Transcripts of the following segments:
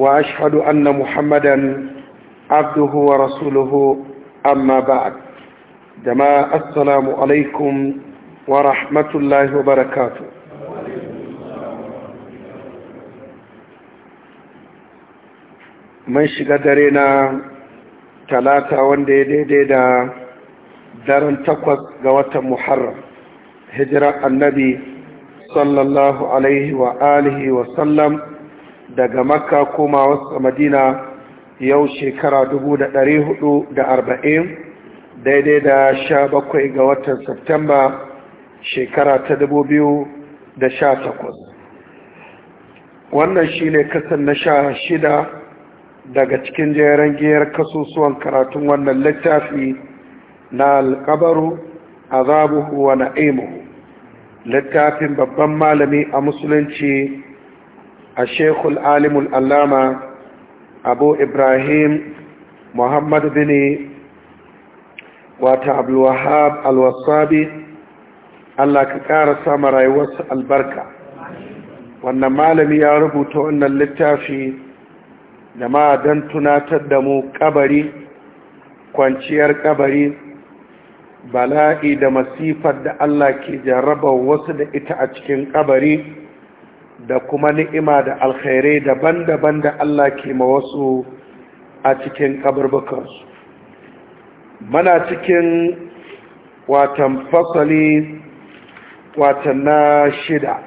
وأشهد أن محمدا عبده ورسوله أما بعد جماعة السلام عليكم ورحمة الله وبركاته من shiga dare na talata wanda ya daidai da daren takwas ga watan muharram hijirar annabi sallallahu alaihi wa alihi wa sallam daga makka koma wasu madina yau shekara arba'in, daidai da sha bakwai ga watan Septemba shekara ta da sha takwas. wannan shine kasan na sha shida daga cikin jeren giyar kasusuwan karatun wannan littafi na alkabaru azabuhu wa na'imuhu littafin babban malami a musulunci a shekul alimul allama abu ibrahim muhammad bin wata abulwahab alwasabi allah ka ƙara sama rayuwarsa albarka wannan malami ya rubuta wannan littafi jama'a don tunatar da mu ƙabari kwanciyar ƙabari bala'i da masifar da allah ke jarraba wasu da ita a cikin ƙabari. da kuma ni'ima da alkhairai daban-daban da Allah ke ma wasu a cikin kaburbukansu mana cikin watan fasali watan na shida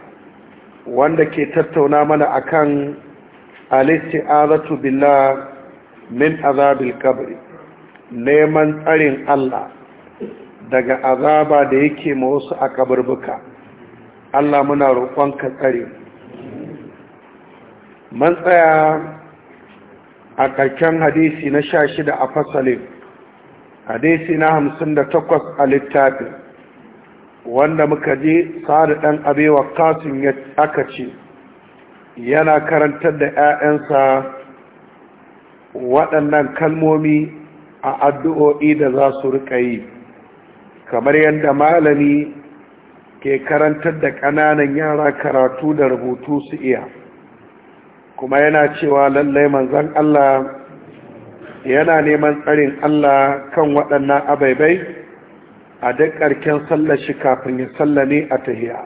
wanda ke tattauna mana akan Azatu billah min azabil kabri neman tsarin Allah daga azaba da yake ma wasu a kaburbuka Allah muna roƙon ka man tsaya a ƙarshen hadisi na sha shida a fasalin hadisi na hamsin da takwas a littafin wanda muka je sa'adu ɗan abewa kasin ya aka ce yana karantar da 'ya'yansa waɗannan kalmomi a addu'o'i da za su riƙa yi kamar yadda malami ke karantar da ƙananan yara karatu da rubutu su iya kuma yana cewa lallai manzan Allah yana neman tsarin Allah kan waɗannan abaibai a duk ƙarken sallar shi kafin ya ne a tahiya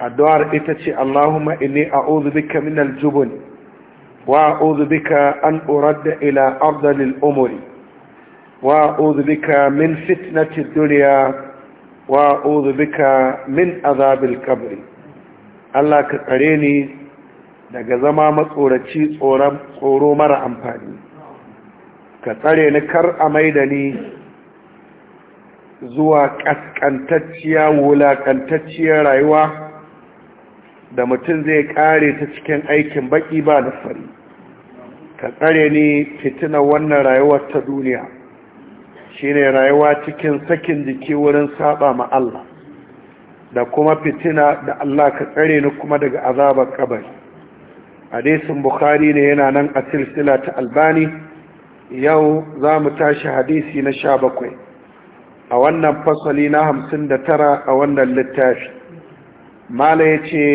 addu'ar ita ce Allahumma inni a bika min aljubun wa a'udhu an uradda ila ardhil umuri wa a'udhu bika min fitnati duniya wa a'udhu min azabil qabri Allah ka tsare ni daga zama matsoraci tsoro mara amfani ka tsare ni kar a maida ni zuwa kaskantacciya wulakantacciyar rayuwa da mutum zai kare ta cikin aikin baki ba da fari ka tsare ni fitina wannan rayuwar ta duniya shine rayuwa cikin sakin jiki wurin saba ma Allah da kuma fitina da Allah ka tsare ni kuma daga azabar kabari hadisin bukhari ne yana nan a silsila ta albani yau za mu tashi hadisi na sha bakwai a wannan fasali na hamsin da tara a wannan littafi mala ya ce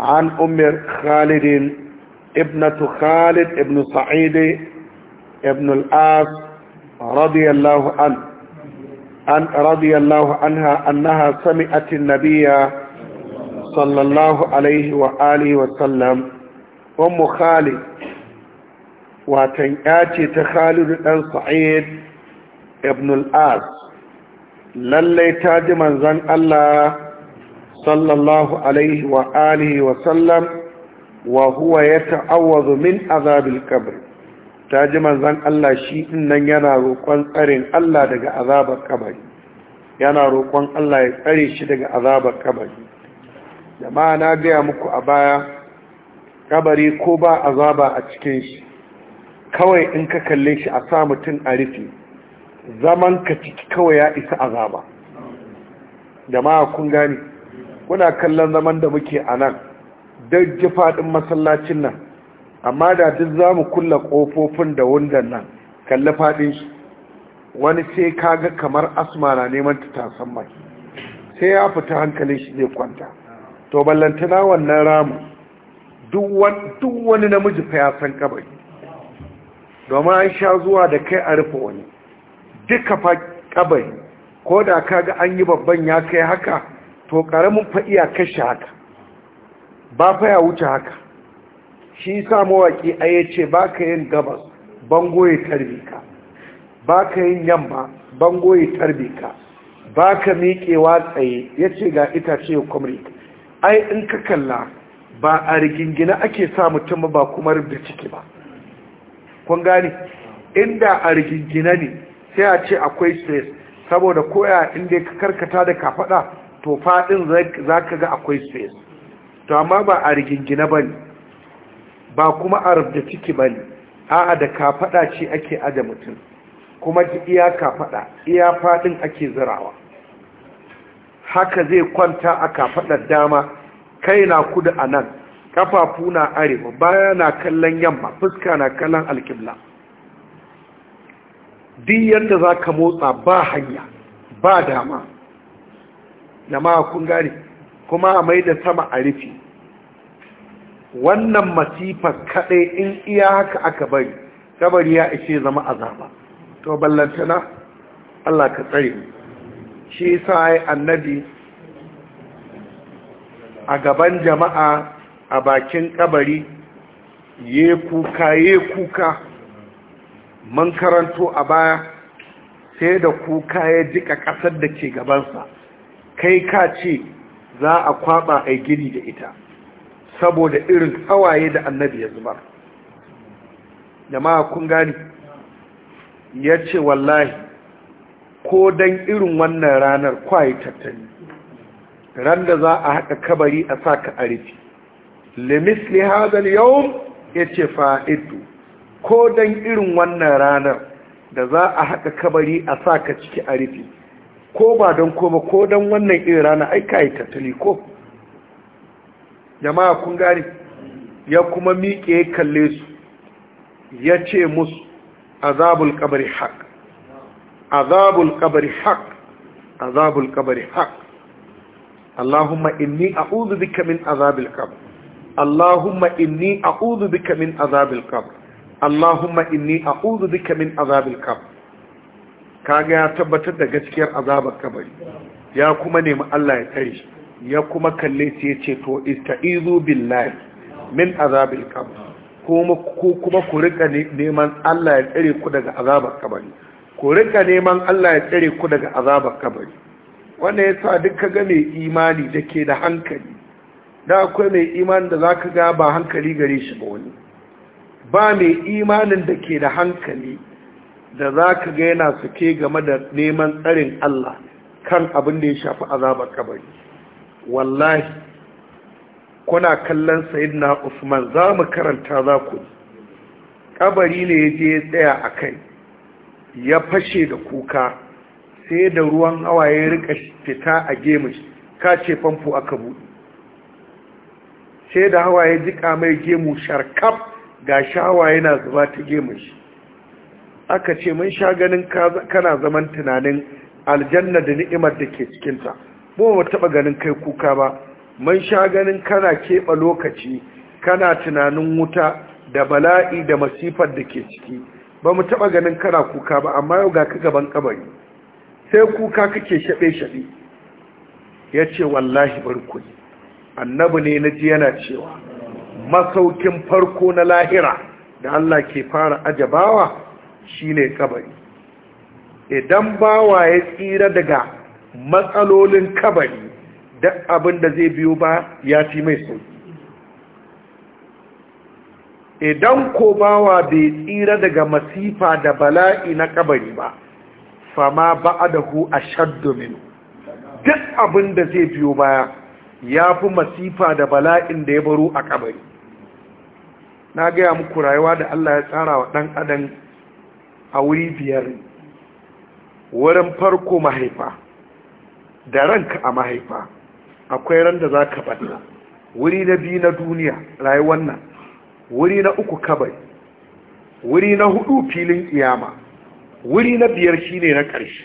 an umar khalidin Ibnatu Khalid Ibn سعيد Ibn الآس رضي An عنه أن رضي الله عنها أنها سمعت النبي صلى الله عليه وآله ummu khalid watan ya ce ta Khalidu dan sa'id ibn al lallai ta ji manzon Allah sallallahu alaihi wa alihi wa sallam wa huwa yata'awwazu min azabil qabr ta ji manzon Allah shi innan yana roƙon tsarin Allah daga azabar kabari yana roƙon Allah ya tsare shi daga azabar kabari ma na gaya muku a baya kabari ko ba azaba a cikin shi kawai in ka kalle shi a sa mutum a rufe zaman ka ciki kawai ya isa azaba ma kun gani kuna kallon zaman da muke a nan jifa faɗin masallacin nan amma da duk zamu mu kulla ƙofofin da wundan nan kalli faɗin shi wani sai kaga kamar asma na neman ta tasan mai sai ya fita hankalin shi zai kwanta to ballantana wannan ramu duk wani namiji fa ya san kabari domin an sha zuwa da kai a rufe wani duka fa kabari ko da ka ga an yi babban ya kai haka to karamin fa iya kashe haka ba fa ya wuce haka shi sa mawaƙi, a ya ce ba ka yin gabas bango ya tarbi ka ba ka yin yamma bango ya tarbi ka ba ka miƙewa tsaye ya ce ga itace ya kwamri ai in ka kalla ba a rigingina ake sa mutum ba kuma rubda ciki ba kun gani inda a rigingina ne sai a ce akwai stress saboda koya inda ka karkata da kafaɗa, to faɗin za ka ga akwai stress to amma ba a rigingina ba ba kuma a rubda ciki ba ne a'a da kafaɗa ce ake aje mutum kuma iya kafaɗa, iya fadin ake zirawa haka zai kwanta a kafaɗar dama kai na kudu a nan kafafu na arewa baya na kallon yamma fuska na kallon alkibla din yadda za ka motsa ba hanya ba dama jama'a makon gari kuma a mai da sama a rufe wannan masifar kaɗai in iya haka aka bari kabari ya ishe zama azaba to ballantana Allah ka tsare shi sa annabi a gaban jama'a a bakin kabari ye kuka ye kuka man karanto a baya sai da kuka ya jika kasar da ke gabansa kai ka ce za a kwaba a gini da ita saboda irin hawaye da annabi ya zubar jama'a kun gani ya ce wallahi ko don irin wannan ranar kwaye tattali ran da za a haka kabari a sa ka a rufi ne hazal yau ya ce fa'idu ko don irin wannan ranar da za a haka kabari a sa ka ciki a rufi ko ba don koma ko don wannan irin rana aika yi tattali ko jama'a kun gani ya kuma miƙe kalle su ya ce musu azabul kabari haƙ azabul kabari haƙ azabul kabari haƙ اللهم إني أعوذ بك من عذاب القبر اللهم إني أعوذ بك من عذاب القبر اللهم إني أعوذ بك من عذاب القبر kaga ya tabbatar da gaskiyar azabar kabari ya kuma nemi Allah ya tare shi ya kuma kalle shi ya ce to istaizu billahi min azabil qabr kuma ku kuma ku rika neman Allah ya tsare ku daga azabar kabari ku rika neman Allah ya tsare ku daga azabar kabari wannan ya sa duk kaga mai imani da ke da hankali da akwai mai imanin da za ka ga ba hankali gare shi ba wani ba mai imanin da ke da hankali da za ka ga yana suke game da neman tsarin Allah kan abin da ya shafi azabar kabari wallahi kuna kallon na usman za mu karanta za ku kabari ne ya je ya tsaya a kai ya fashe da kuka sai da ruwan hawaye rika fita a gemu ka ce famfo aka buɗe sai da hawaye jika mai gemu sharkaf ga shi hawaye na zuba ta gemu shi aka ce mun sha ganin kana zaman tunanin aljanna da ni'imar da ke cikinta ba mu taba taɓa ganin kai kuka ba mun sha ganin kana keɓa lokaci kana tunanin wuta da bala'i da masifar da ke ciki ba mu taɓa ganin kana kuka ba amma yau ga ka gaban kabari sai kuka kake shaɓe-shaɓe ya ce wallahi barku. annabi ne na ji yana cewa masaukin farko na lahira da Allah ke fara ajabawa shine kabari idan bawa ya tsira daga matsalolin kabari duk abin zai biyo ba ya fi mai sauki idan ko bawa bai tsira daga masifa da bala'i na kabari ba fama ba a ba'adahu a shaddomin duk abin da zai biyo baya ya fi masifa da bala'in da ya baro a kabari na gaya muku rayuwa da Allah ya tsara wa ɗan adam a wuri biyar wurin farko mahaifa da ranka a mahaifa akwai ran da za ka batta. wuri na biyu na duniya rayuwan nan wuri na uku kabari wuri na hudu filin iyama. wuri na biyar shine na ƙarshe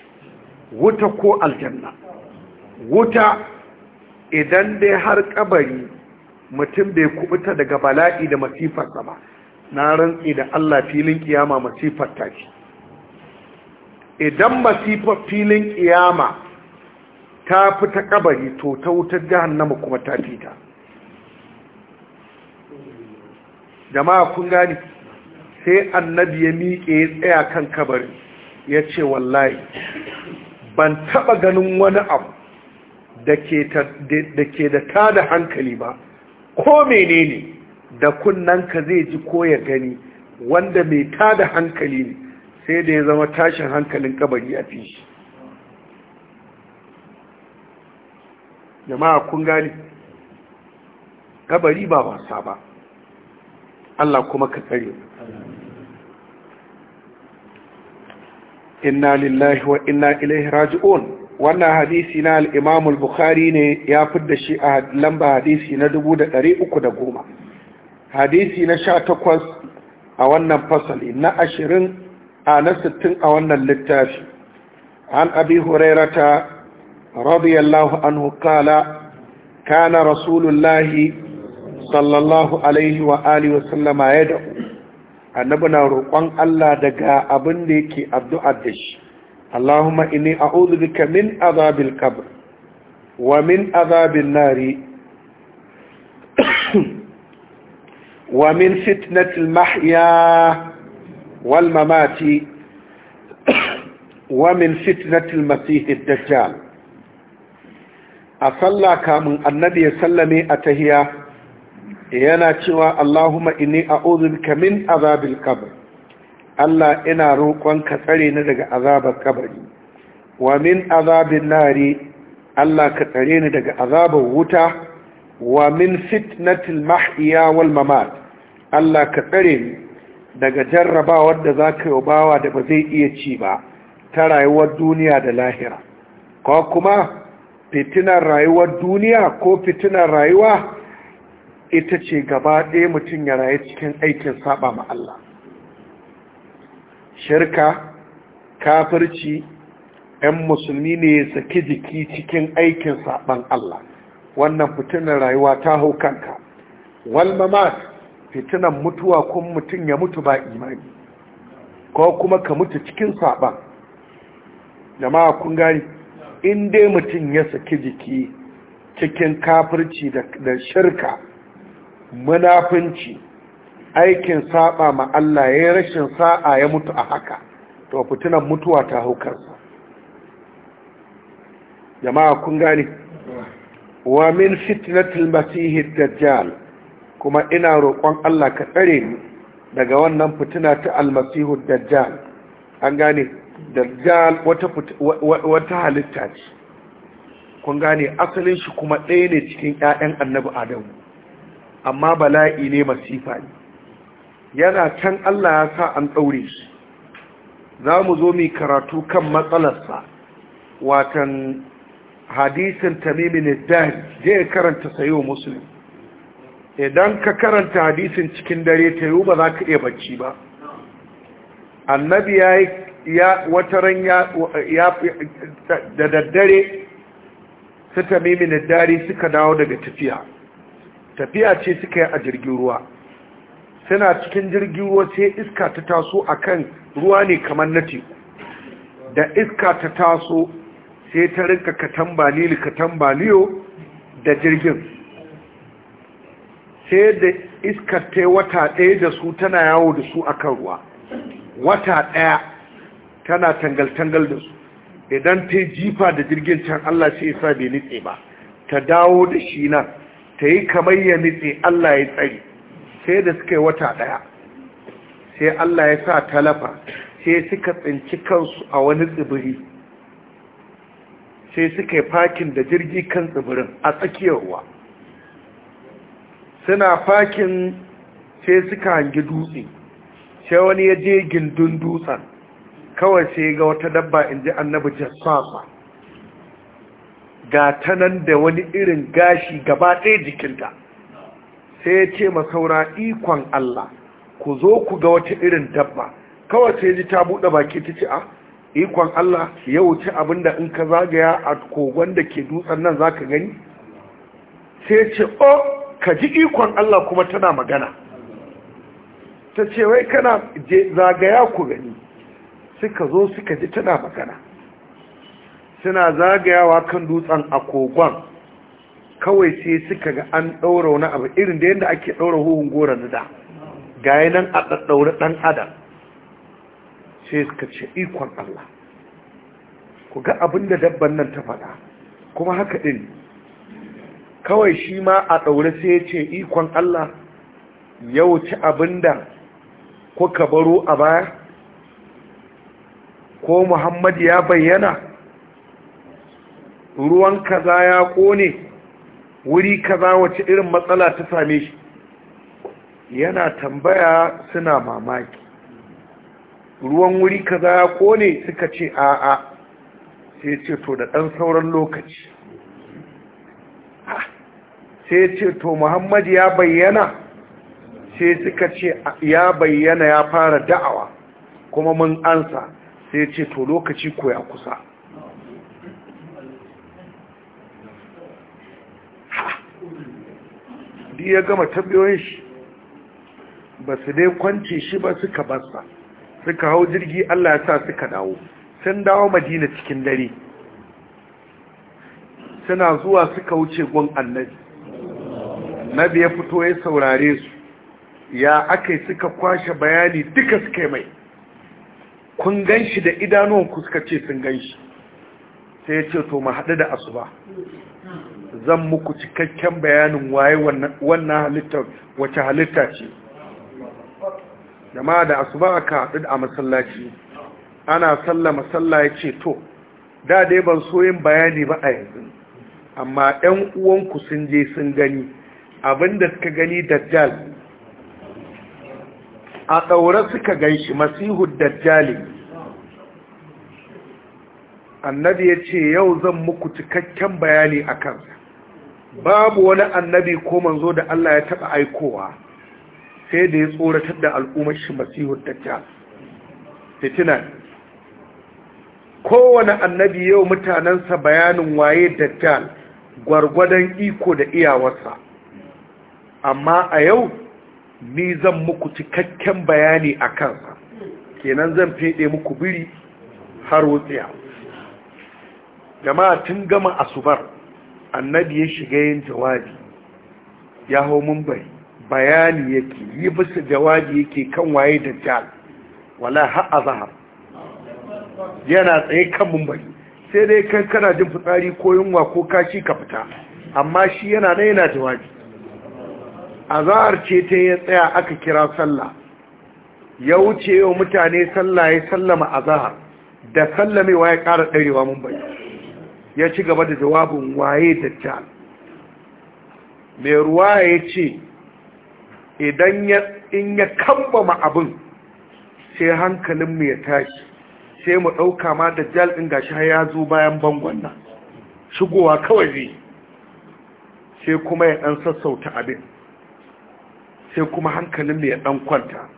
wuta ko aljanna wuta idan dai har kabari mutum bai kubuta daga bala'i da masifarsa ba na rantsi da Allah filin kiyama masifar ta ce idan masifar filin kiyama ta fi kabari to ta wutar jahannama kuma ta fita jama'a kun gani sai annabi ya miƙe ya tsaya kan kabari ya ce wallahi ban taɓa ganin wani abu da ke da tada da hankali ba ko menene da ka zai ji ko ya gani wanda mai ta da hankali ne sai da ya zama tashin hankalin kabari a fi shi jama'a kun gani kabari ba wasa ba Allah kuma ka tsare inna lillahi wa inna ilaihi raji'un wannan hadisi na al-Imam al-Bukhari ne ya fidda shi a lamba hadisi na 1310 hadisi na 18 a wannan fasali na 20 a na 60 a wannan littafi an abi hurairata radiyallahu anhu qala kana rasulullahi sallallahu alaihi wa alihi wa sallama yad'u annabi na roƙon Allah daga abin da yake addu'ar da shi Allahumma inni a bika min azabil qabr wa min azabin nari wa min fitnatil mahya wal mamati wa min fitnatil masihid dajjal a sallaka mun annabi ya sallame a tahiya yana cewa Allahumma inni a'udhu bika min azabil qabr Allah ina roƙon ka tsare ni daga azabar kabari wa min azabin nari Allah ka tsare ni daga azabar wuta wa min fitnatil mahya wal mamat Allah ka tsare ni daga jarrabawar da zaka yi bawa da ba zai iya ci ba ta rayuwar duniya da lahira ko kuma fitinar rayuwar duniya ko fitinar rayuwa ita ce gaba ɗaya mutum ya rayu cikin aikin saba ma Allah shirka kafirci ‘yan musulmi ne ya saki jiki cikin aikin saban Allah wannan fitinan rayuwa ta hau kanka ma fitinan mutuwa kun mutum ya mutu ba imani ko kuma ka mutu cikin saban jama'a kun gani in dai mutum ya saki jiki cikin kafirci da shirka munafunci aikin saba ma Allah ya rashin sa'a ya mutu a haka to fitinan mutuwa ta haukarsa jama'a kun gane wa min fitnatil masihid dajjal kuma ina roƙon Allah ka tsare ni daga wannan fitina ta almasihu dajjal an gane dajjal wata wata halitta ce kun gane asalin shi kuma ɗaya ne cikin ƴaƴan annabi adamu amma bala'i ne masifa ne yana can Allah ya sa an ɗaure shi za mu zo mai karatu kan matsalarsa watan hadisin tamimin dahil je karanta sayo musulun idan ka karanta hadisin cikin dare ta yiwu ba za ka iya bacci ba annabi ya yi ya da daddare su tamimin dare suka dawo daga tafiya tafiya ce suka yi a jirgin ruwa suna cikin jirgin ruwa sai iska ta taso a kan ruwa ne kamar na teku da iska ta taso sai ta rinka katan katambaliyo da jirgin sai da iska ta wata ɗaya da su tana yawo da su akan ruwa wata ɗaya tana tangal-tangal da su idan ta jifa da jirgin can Allah sai sa bai nitse ba ta dawo da shi nan ta yi kamar ya nitse Allah ya tsari sai da suka yi wata ɗaya sai Allah ya sa talafa sai suka tsinci kansu a wani tsibiri sai suka yi fakin da jirgi kan tsibirin a tsakiyar ruwa suna fakin sai suka hangi dutse sai wani ya je gindin dutsen kawai sai ga wata dabba in ji annabi jasfafa ga ta nan da wani irin gashi gaba ɗaya jikinta sai ya ce masaura ikon Allah ku zo ku ga wata irin dabba kawai sai ji ta buɗe baki ta ce a ah, ikon Allah ya wuce abinda in ka zagaya a kogon da ke dutsen nan za ka gani sai ce o oh, ka ji ikon Allah kuma tana magana ta ce wai kana zagaya ku gani suka zo suka ji tana magana suna zagayawa kan dutsen a kogon kawai sai suka ga an ɗaura wani abu irin da yadda ake ɗaura huhun gora na da yi nan a ɗaɗɗaura ɗan adam sai suka ce ikon Allah ku ga abin da dabban nan ta faɗa kuma haka ɗin kawai shi ma a ɗaure sai ce ikon Allah yau ci abin da kuka baro a baya ko Muhammad ya bayyana ruwan kaza ya kone wuri kaza wace irin matsala ta same shi yana tambaya suna mamaki ruwan wuri kaza ya kone suka ce a'a sai ce to da ɗan sauran lokaci sai ce to muhammadu ya bayyana sai suka ce ya bayyana ya fara da'awa kuma mun ansa sai ce to lokaci ko ya kusa duk ya gama tabiyoyin shi ba su dai kwance shi ba suka basa suka hau jirgi Allah ya sa suka dawo sun dawo madina cikin dare suna zuwa suka wuce gon annabi nabi ya fito ya saurare su ya aka suka kwashe bayani duka suka mai kun gan shi da idanuwanku suka ce sun gan shi sai ya ce to mu haɗu da asuba zan muku cikakken bayanin waye wannan halittar wace halitta ce jama'a da asuba aka haɗu a masallaci ana salla sallah ya ce to da dai ban so yin bayani ba a yanzu amma 'yan uwanku sun je sun gani abinda suka gani dajjal a ɗaure suka gan shi masihu dajjali annabi ya ce yau zan muku cikakken bayani a kansa babu wani annabi ko manzo da Allah ya taba aikowa sai da ya tsoratar da al'ummar shi masihu dajjal fitina kowane annabi yau mutanansa bayanin waye dajjal gwargwadon iko da iyawarsa amma a yau ni zan muku cikakken bayani a kansa kenan zan fede muku biri har wutsiya jama'a tun gama asubar annabi ya shiga yin jawabi ya hau mumbai bayani yake yi bisa jawabi yake kan waye dajjal wala har zahar yana tsaye kan mumbai sai dai kan kana jin fitsari ko yunwa ko kashi ka fita amma shi yana na yana jawabi a zahar ce ta ya tsaya aka kira sallah ya wuce yau mutane sallah ya sallama a zahar da sallamewa ya ƙara ɗarewa mumbai ya ci gaba da jawabin waye da dajjal mai ruwa ya ce idan in ya ma abin sai hankalinmu ya tashi sai mu ɗauka ma dajjal ɗin gashi ya zo bayan bangon nan shigowa kawai zai sai kuma ya ɗan sassauta abin sai kuma hankalinmu ya ɗan kwanta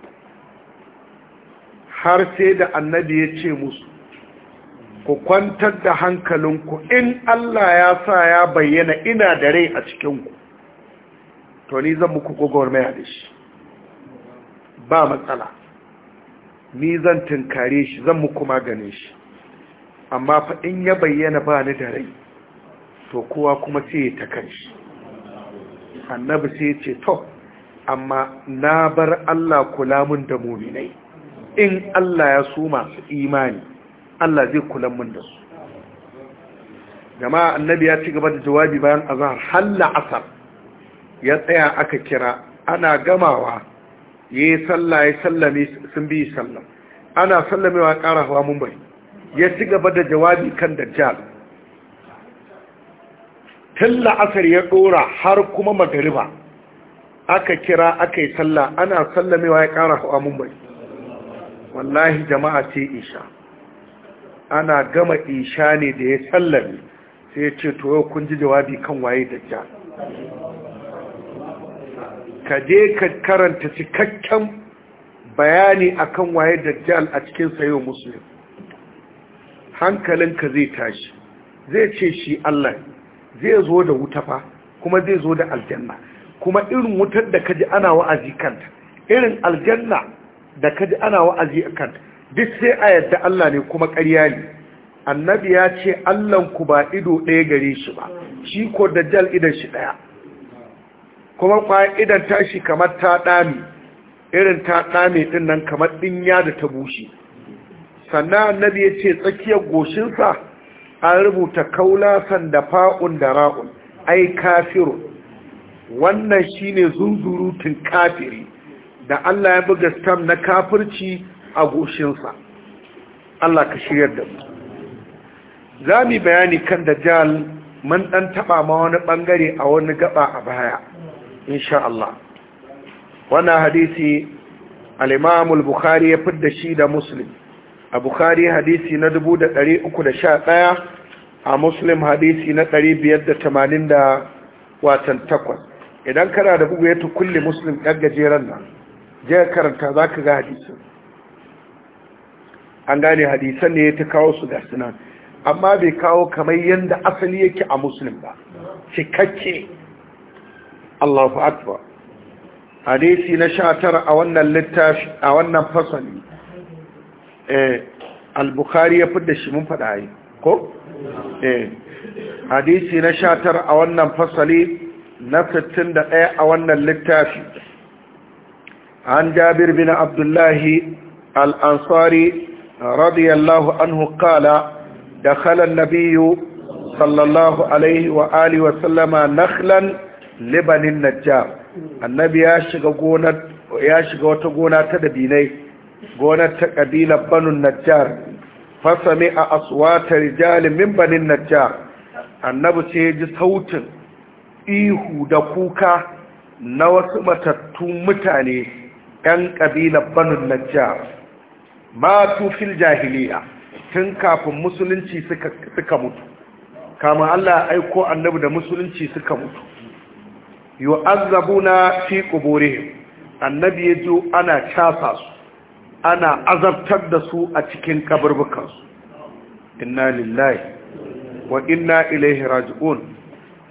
har sai da annabi ya ce musu ku kwantar da hankalinku in Allah ya sa ya bayyana ina da rai a cikinku to ni zan muku gwagwarmaya da shi ba matsala ni zan tunkare shi zan muku maganin shi amma fa in ya bayyana ba ni da rai to kowa kuma sai ta kan shi annabi sai ya ce to amma na bar Allah kula mun da muminai in Allah ya su masu imani Allah zai kula mun da su jama'a annabi ya ci gaba da jawabi bayan azhar halla asar ya tsaya aka kira ana gamawa yayi sallah ya sallame sun bi sallah ana sallamewa ƙara hawa bari. ya ci gaba da jawabi kan dajjal tun la'asar ya ɗora har kuma magariba aka kira aka yi sallah ana sallamewa ya ƙara hawa bari. wallahi jama'a ce isha ana gama isha ne da ya sallame sai ya ce to yau kun ji jawabi kan waye dajjal ka je ka karanta cikakken bayani akan waye dajjal a cikin sayo musulun hankalinka zai tashi zai ce shi Allah zai zo da wuta fa kuma zai zo da aljanna kuma irin wutar da kaji ana wa'azi kanta irin aljanna da kaji ana wa'azi kanta duk sai a yadda Allah ne kuma ƙarya ne annabi ya ce ku ba ido ɗaya gare shi ba shi ko dajjal idan shi ɗaya kuma kwaya idan tashi kamar ta ɗami irin ta ɗame ɗin nan kamar ɗinya da ta bushe sannan annabi ya ce tsakiyar goshinsa an rubuta kaulasan da fa'un da ra'un ai kafirun wannan shi shine zunzurutun kafiri da Allah ya buga stam na kafirci a goshinsa Allah ka shiryar da mu za mu bayani kan dajjal mun ɗan taɓa ma wani ɓangare a wani gaba a baya insha Allah wannan hadisi al-Imam al-Bukhari ya fidda shi da Muslim a Bukhari hadisi na 1311 a Muslim hadisi na 580 watan takwas idan kana da bugu ya tukulli Muslim ɗan gajeren nan je karanta zaka ga hadisin an gane hadisan ne ya ta kawo su ga sunan amma bai kawo kamar yadda asali yake a musulun ba cikakke allahu akbar hadisi na sha tara a wannan littafi a wannan fasali eh, al-bukhari ya fidda shi mun faɗa yi ko? Eh, hadisi na sha tara a wannan fasali na sittin da ɗaya a wannan littafi an jabir bin abdullahi al-ansari رضي الله عنه قال دخل النبي صلى الله عليه وآله وسلم نخلا لبن النجار النبي يا shiga wata gona ta dabinai gonar ta ƙabilar banin najjar fasami a aswata rijalin min banin najjar annabi ce ji sautin ihu da kuka na wasu matattun mutane 'yan ƙabilar banin najjar matu fil jahiliya tun kafin musulunci suka mutu kama Allah aiko annabi da musulunci suka mutu yu'azzabuna fi quburihim annabi yazo ana casa su ana azabtar da su a cikin kaburbukan su inna lillahi wa inna ilaihi raji'un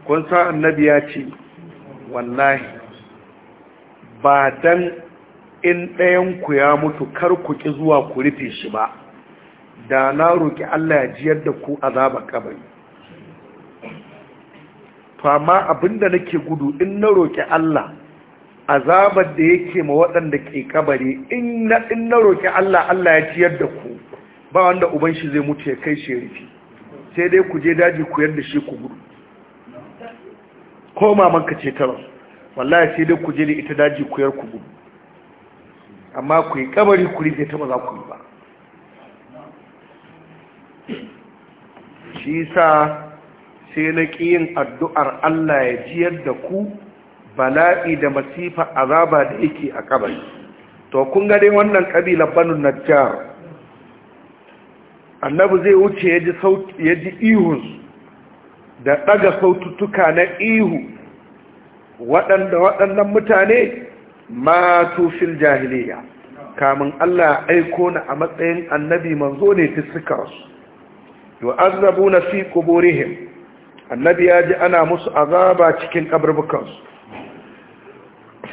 kun sa annabi ya ce wallahi ba dan in ɗayanku ya mutu kar ku ƙi zuwa ku rufe shi ba da na roƙi Allah ya jiyar da ku azaba kabari to amma abinda nake gudu in na roƙi Allah azabar da yake ma waɗanda ke kabari in na in na roƙi Allah Allah ya jiyar da ku ba wanda uban shi zai mutu ya kai shi rufi sai dai ku je daji ku yarda shi ku gudu ko mamanka ce ta wallahi sai dai ku je da ita daji ku yar ku gudu amma ku yi kamari ku rike ta ba za ku yi ba shi sa sai na yin addu'ar Allah ya jiyar da ku bala'i da masifa azaba da yake a kabari to kun ga dai wannan ƙabila banu najjar annabu zai wuce ya ji ihun da ɗaga saututtuka na ihu waɗanda waɗannan mutane matu fil jahiliya kamun Allah aiko na a matsayin annabi manzo ne ta suka su yu'azzabu na fi quburihim annabi ya ji ana musu azaba cikin kaburbukansu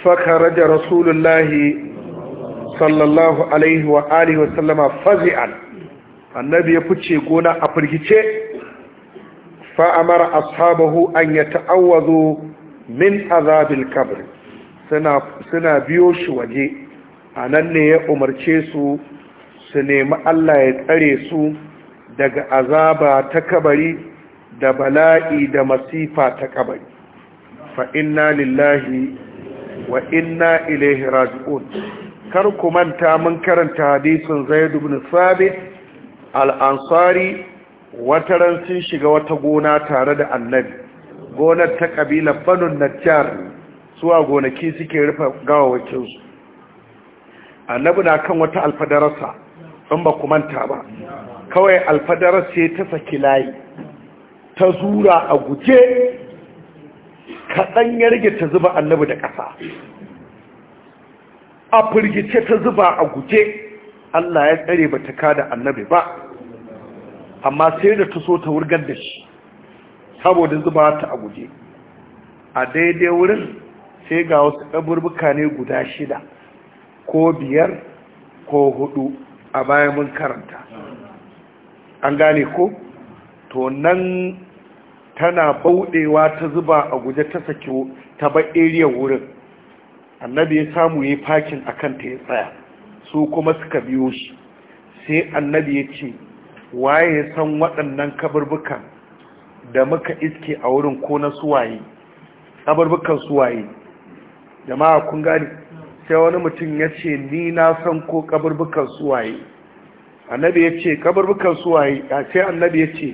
fa kharaja rasulullahi sallallahu alaihi wa alihi wa sallama fazi'an annabi ya fice gona a firgice fa amara ashabahu an yata'awwazu min azabil qabr suna biyo shi waje a nan ne ya umarce su su nemi Allah ya tsare su daga azaba ta kabari da bala'i da masifa ta kabari fa inna lillahi wa inna ilaihi raji'un kar ku manta mun karanta hadisin zaid ibn sabit al-ansari wata ran sun shiga wata gona tare da annabi gonar ta kabilar banu najjar suwa gonaki suke rufe gawawakinsu annabi na kan wata alfadararsa don ba manta ba kawai alfadarar sai ta saki layi ta zura a guje kaɗan ya rage ta zuba annabi da ƙasa a firgice ta zuba a guje Allah ya tsare ba ta kada annabi ba amma sai da ta so ta wurgar da shi saboda zuba ta a guje a daidai wurin sai ga wasu ɗaburbuka ne guda shida ko biyar ko hudu a bayan mun karanta an gane ko to nan tana bauɗewa ta zuba a guje ta saki ta ba wurin annabi ya samu ya fakin a kanta ya tsaya su kuma suka biyo shi sai annabi ya ce waye ya san waɗannan kaburbukan da muka iske a wurin ko na suwaye kaburbukan suwaye jama'a kun gani sai wani mutum ya ce ni na san ko kaburbukan suwaye annabi ya ce kaburbukan suwaye a sai annabi ya ce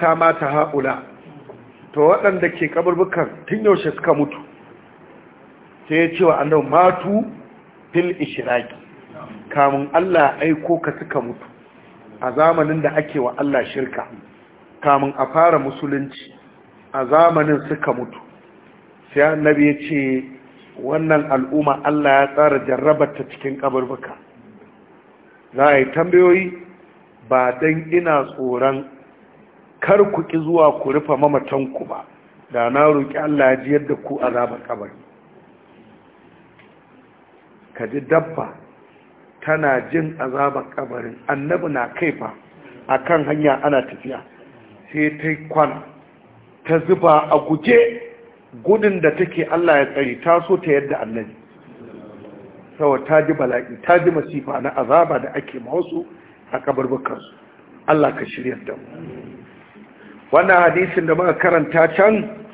ta mata haƙula to waɗanda ke kaburbukan tun yaushe suka mutu sai ya ce wa annabi matu fil ishiraki kamun Allah aiko ka suka mutu a zamanin da ake wa Allah shirka kamun a fara musulunci a zamanin suka mutu sai annabi ya ce wannan al'umma Allah ya tsara ta cikin kaburbuka za a yi tambayoyi ba dan ina tsoron kar ku ki zuwa ku rufe mamatan ku ba da na roƙi Allah ya ji yadda ku azabar kabari ka ji dabba tana jin azabar kabarin annabi na kaifa a kan hanya ana tafiya sai ta kwana ta zuba a guje gudun da take Allah ya tsari ta so ta yadda annabi sawa ta ji bala'i ta ji masifa na azaba da ake mawasu a kabarbukansu Allah ka shirya da mu wannan hadisin da muka karanta can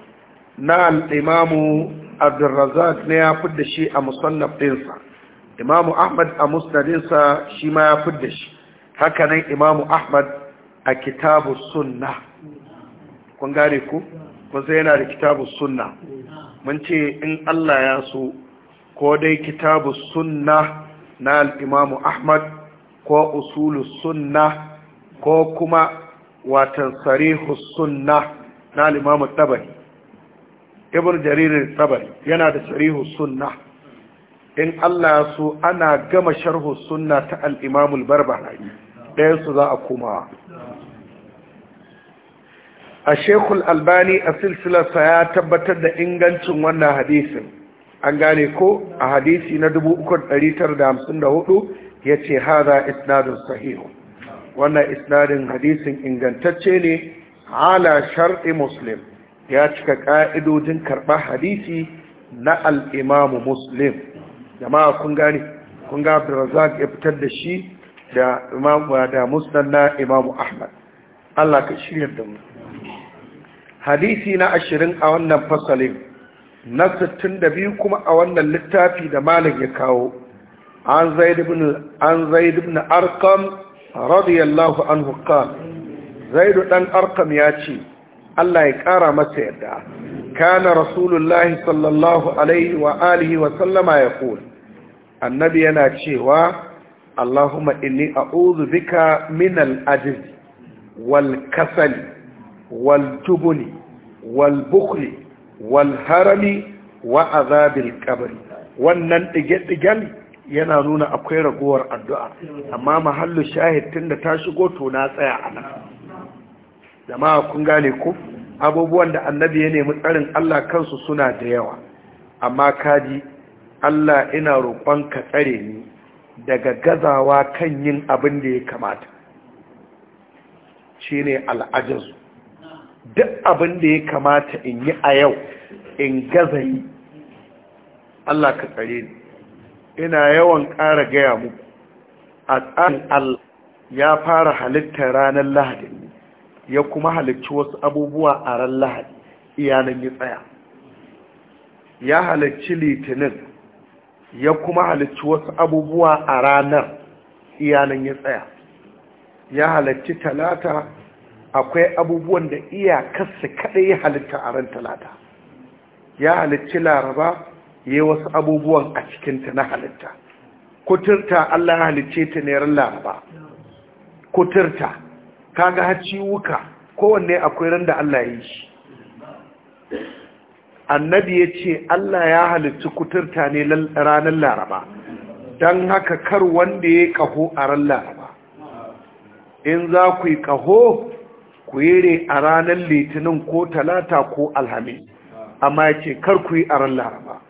na al-imamu abdulrazak ne ya fudda shi a musannaf ɗinsa imamu ahmad a musnadinsa shi ma ya fudda shi hakanan imamu ahmad a kitabu sunna kun gane ku kun yana da kitabu sunna mun ce in Allah ya so ko dai kitabu sunna na al'imamu Ahmad ko usulu sunna ko kuma watan sarihu sunna na al'imamu Tabari Ibn jaririn Tabari yana da sarihu sunna in Allah ya so ana gama sharhu sunna ta al'imamu imam ɗayansu su za a komawa a shekul albani a silsilarsa ya tabbatar da ingancin wannan hadisin an gane ko a hadisi na 3,954 ya ce haza isnadin sahihu wannan isnadin hadisin ingantacce ne ala shar'i muslim ya cika ka'idojin karɓar hadisi na al'imamu muslim jama'a kun gane kun ga abdurazak ya fitar da shi da musnad na imamu ahmad Allah ka shirya da mu hadisi na ashirin a wannan fasalin na sittin da biyu kuma a wannan littafi da malik ya kawo an zaid ibn arkam radiyallahu anhu qala zaidu dan arkam ya ce Allah ya ƙara masa yadda kana rasulullahi sallallahu alaihi wa alihi wa sallama ya kula annabi yana cewa Allahumma inni a'udhu bika min al-ajz wal kasali waljubuni والبخل walharami wa azabil ƙabri, wannan ɗige-ɗigen yana nuna akwai ragowar addu'a amma mahallu shahid tun da ta shigo to na tsaya a nan jama'a kun gane ku abubuwan da annabi ya nemi tsarin Allah kansu suna da yawa amma kaji Allah ina roƙon ka tsare ni daga gazawa kan yin abin da ya kamata shi ne al'ajazu duk abin da ya kamata in yi a yau in gaza yi Allah ka tsare ni ina yawan ƙara gaya muku a tsarin Allah ya fara halittar ranar lahadi ya kuma halicci wasu abubuwa a ran lahadi iyanan ya tsaya ya halicci litinin ya kuma halicci wasu abubuwa a ranar iyanan ya tsaya ya halicci talata akwai abubuwan da iya iyakarsa kaɗai ya halitta a ran talata ya halicci laraba ya yi wasu abubuwan a cikinta na halitta kuturta allah ya halicce ta ne ran laraba kuturta kaga haci wuka kowanne akwai ran da allah ya yi shi annabi ya ce allah ya halicci kuturta ne ranar laraba don haka kar wanda ya yi kaho a ran laraba in za ku yi kaho ku yi a ranar litinin ko talata ko alhamis amma ya ce kar ku yi a ran laraba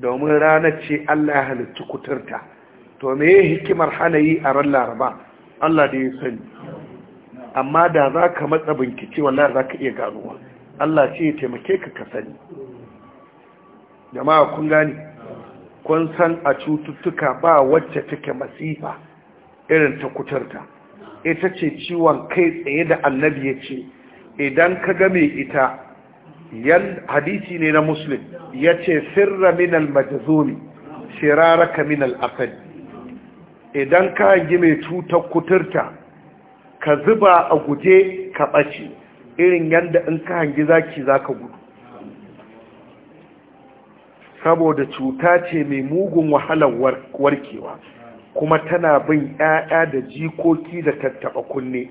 domin ranar ce allah ya halittu kuturta to me ya hikimar hana yi a ran laraba allah da ya sani amma da za ka matsa binkici wallah za ka iya ganuwa allah ce ya taimake ka ka sani jama'a kun gani kun san a cututtuka ba wacce take masifa irin ta kuturta ita ce ciwon kai tsaye da annabi ya ce idan ka game ita yan hadisi ne na muslim ya ce sirra minal majazumi shiraraka minal asali idan ka hangi mai cutar kuturta ka zuba a guje ka ɓace irin yadda in ka hangi zaki za ka gudu saboda cuta ce mai mugun wahalar warkewa kuma tana bin ƴaƴa da jikoki da tattaɓa kunne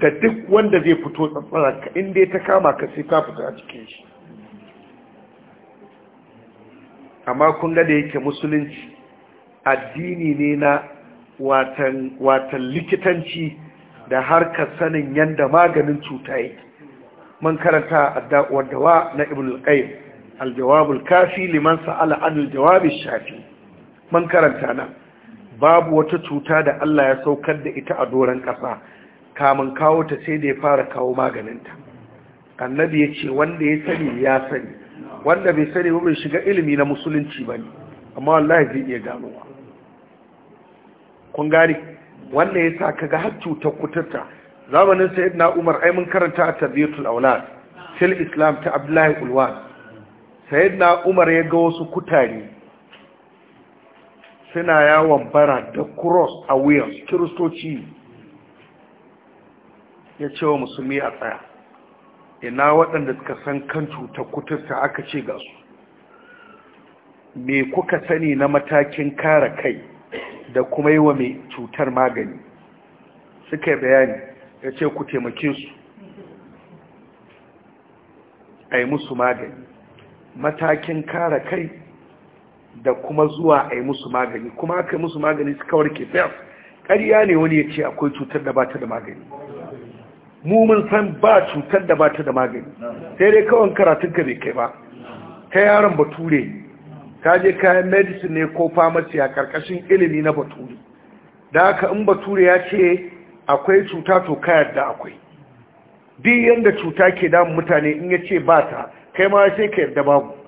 da duk wanda zai fito tsatsara ka ya ta kama ka sai ta fita a cikin shi amma kun ga da yake musulunci addini ne na watan likitanci da harkar sanin yadda maganin cuta yake man karanta addawar dawa na ibn al-qayyim aljawabul kafi liman sa'ala an jawabish shafi man karanta nan babu wata cuta da Allah ya saukar da ita a doron ƙasa kamun kawo ta sai da ya fara kawo maganinta annabi ya ce wanda ya sani ya sani wanda bai sani ba bai shiga ilimi na musulunci ba ne amma wallahi zai iya ganowa kun gane wanda ya sa ga har cutar kutarta zamanin sayid na umar ai karanta a tarbiyatul aulad fil islam ta abdullahi ulwan sayid umar ya ga wasu kutare suna yawon bara da cross a wuyan kiristoci ya ce wa musulmi a tsaya ina waɗanda suka san kan cutar kuturta aka ce ga su me kuka sani na matakin kare kai da kuma yi wa mai cutar magani suka bayani ya ce ku taimake su a yi musu magani matakin kare kai da kuma zuwa a yi musu magani kuma aka yi musu magani su kawar ke fiyar ƙarya ne wani ya ce akwai cutar da ba ta da magani mu san ba cutar da ba ta da magani sai dai kawai karatun ka bai kai ba ta yaron bature ta je kayan medicine ne ko pharmacy a karkashin ilimi na bature da haka in bature ya ce akwai cuta to ka yarda akwai duk yanda cuta ke damun mutane in ya ce ba ta kai ma sai ka yarda babu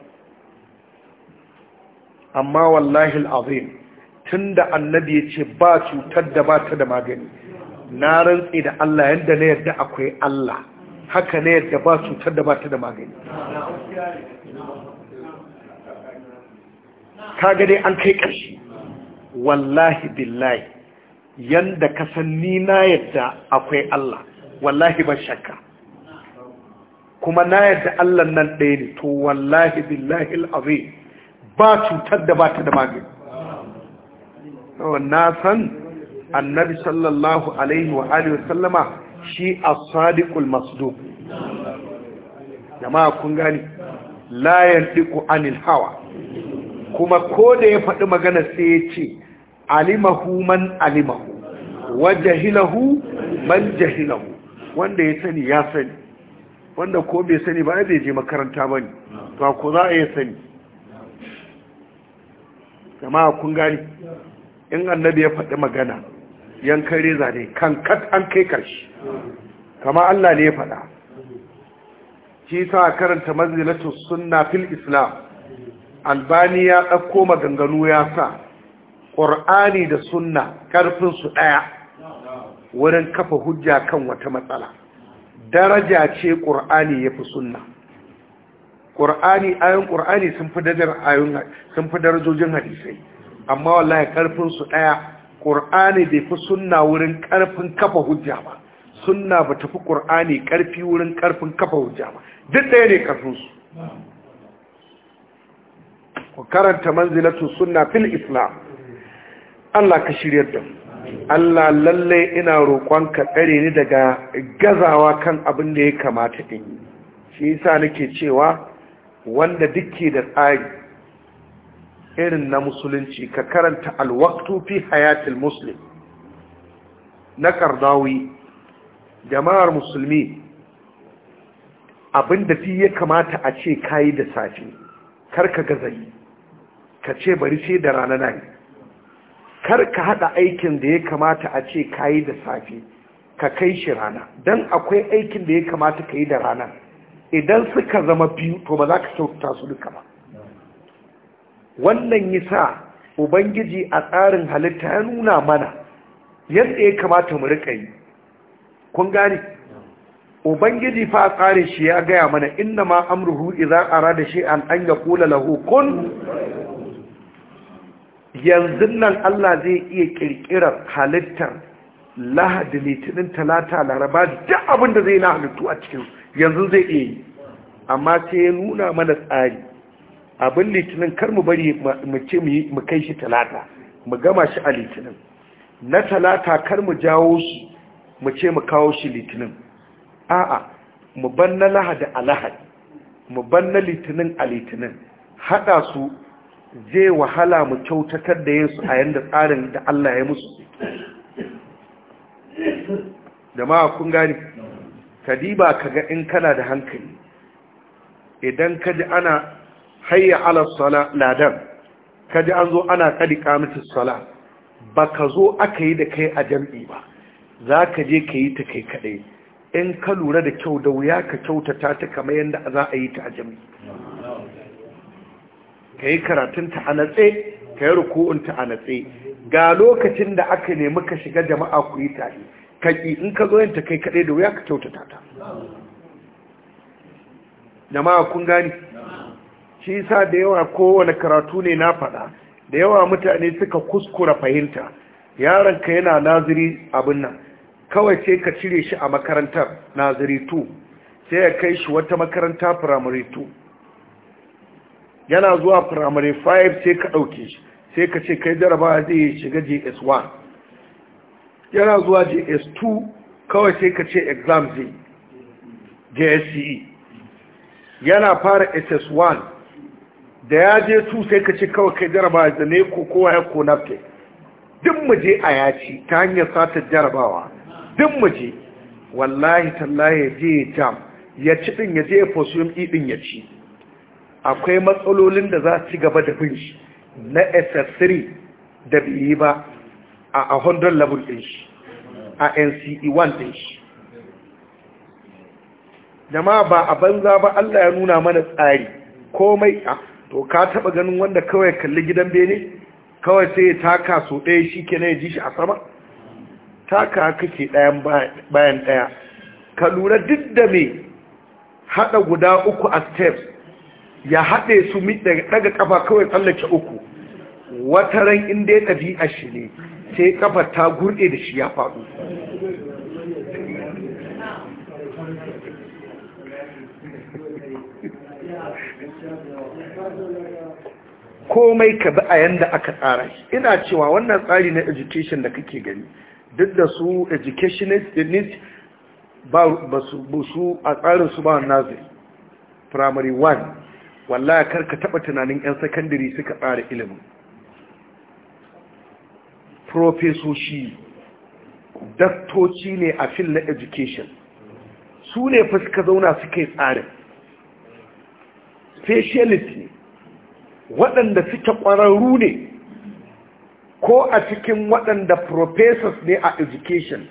amma wallahi al'azim da annabi ya ce ba cutar da ba ta da magani na rantsi da Allah yadda na yadda akwai Allah haka na yadda ba cutar da ba ta da magani kaga dai an kai ƙarshe wallahi billahi Yadda ka san ni na yadda akwai Allah wallahi ba shakka kuma na yadda Allah nan ɗaya ne to wallahi billahi al'azim ba cutar da ba ta da magani na san annabi sallallahu alaihi wa alihi wasallama shi as-sadiqul masduq jama'a kun gani la yantiqu anil hawa kuma ko da ya faɗi magana sai ya ce alimahu man alimahu wa jahilahu man jahilahu wanda ya sani ya sani wanda ko bai sani ba zai je makaranta bane to ko za a yi sani jama'a kun gani in annabi ya faɗi magana yankan reza ne kan kat an kai karshe kama Allah ne ya faɗa shi sa karanta manzilatun sunna fil islam albani ya ɗauko maganganu ya sa ƙur'ani da sunna ƙarfinsu ɗaya wurin kafa hujja kan wata matsala daraja ce ƙur'ani ya fi sunna ƙur'ani ayon ƙur'ani sun fi darajar ayon sun fi darajojin hadisai amma wallahi karfin su daya ƙur'ani bai fi sunna wurin karfin kafa hujja ba sunna ba tafi ƙur'ani karfi wurin karfin kafa hujja ba duk ɗaya ne karfin su ku karanta manzilatu sunna fil islam Allah ka shiryar da mu Allah lalle ina roƙon ka tsare ni daga gazawa kan abin da ya kamata in yi shi yasa nake cewa wanda dukke da tsari irin na musulunci ka karanta alwaktu fi hayatul muslim na kardawi jama'ar musulmi abinda fi ya kamata a ce kayi da safe karka gazayi ka ce bari sai da rana na karka hada aikin da ya kamata a ce kayi da safe ka kai shi rana don akwai aikin da ya kamata ka yi da rana idan suka zama biyu to ba za ka kyauta su duka ba wannan sa ubangiji a tsarin halitta ya nuna mana yadda ya kamata mu rika yi kun gane ubangiji fa tsarin shi ya gaya mana inna ma amruhu a da shi an kula lahu kun yanzu nan Allah zai iya kirkirar halittar lahadi litinin talata laraba duk abin da zai na halittu a cikinsu. yanzu zai iya yi amma sai ya nuna mana tsari abin litinin kar mu bari mu ce mu kai shi talata mu gama shi a litinin na talata kar mu jawo shi mu ce mu kawo shi litinin a'a mu ban na lahadi a lahadi mu ban na litinin a litinin Haɗa su zai wahala mu kyautatar da yinsu a yanda tsarin da Allah ya musu jama'a kun gani ka diba ka ga in kana da hankali idan ka ji ana hayya ala sala ladan ka ji an zo ana kadi kamitin sala ba ka zo aka yi da kai a jam'i ba za ka je ka yi ta kai kaɗai in ka lura da kyau da wuya ka kyautata ta kamar yadda za a yi ta a jam'i ka yi karatunta a natse ka yi rukunta a natse ga lokacin da aka nemi ka shiga jama'a ku yi tare kaki in ka zo yin kai kaɗai da wuya ka kyautata ta jama'a kun gani shi sa da yawa kowane karatu ne na faɗa da yawa mutane suka kuskura fahimta ka yana naziri abin nan kawai sai ka cire shi a makarantar naziri 2 sai ya kai shi wata makaranta primary 2 yana zuwa firamare 5 sai ka ɗauke shi sai ka ce kai jarabawa zai shiga js 1 yana zuwa js2 kawai sai ka ce exam zai jse yana fara ss1 da ya je 2 sai ka ce kawai kai jaraba da ne ko kowa ya konafte duk muje a yaci ta hanyar satar jarabawa duk muje wallahi tallaye ya je jam ya ci din ya je ya fosuyin idin e ya ci akwai matsalolin da za ci gaba da bin shi na ss3 da biyi ba a 100 level ɗin shi a nce 1 ɗin shi jama'a ba a banza ba allah ya nuna mana tsari komai a to ka taɓa ganin wanda kawai kalli gidan bene kawai sai ya taka so ɗaya shi ke na ya ji shi a sama taka kake ɗayan bayan ɗaya ka lura duk da mai haɗa guda uku a steps ya haɗe su daga ƙafa kawai tsallake uku wata ran inda ya ɗabi a shi ne sai kafar ta gurɗe da shi ya faɗo komai ka bi a yanda aka tsara shi ina cewa wannan tsari na education da kake gani duk da su educationist ba su a tsarin su ba nazi. primary one wallah kar ka taba tunanin yan secondary suka tsara ilimin profesoshi daktoci ne a fil na education su ne fa suka zauna suka yi tsarin speciality waɗanda suke ƙwararru ne ko a cikin waɗanda professors ne a education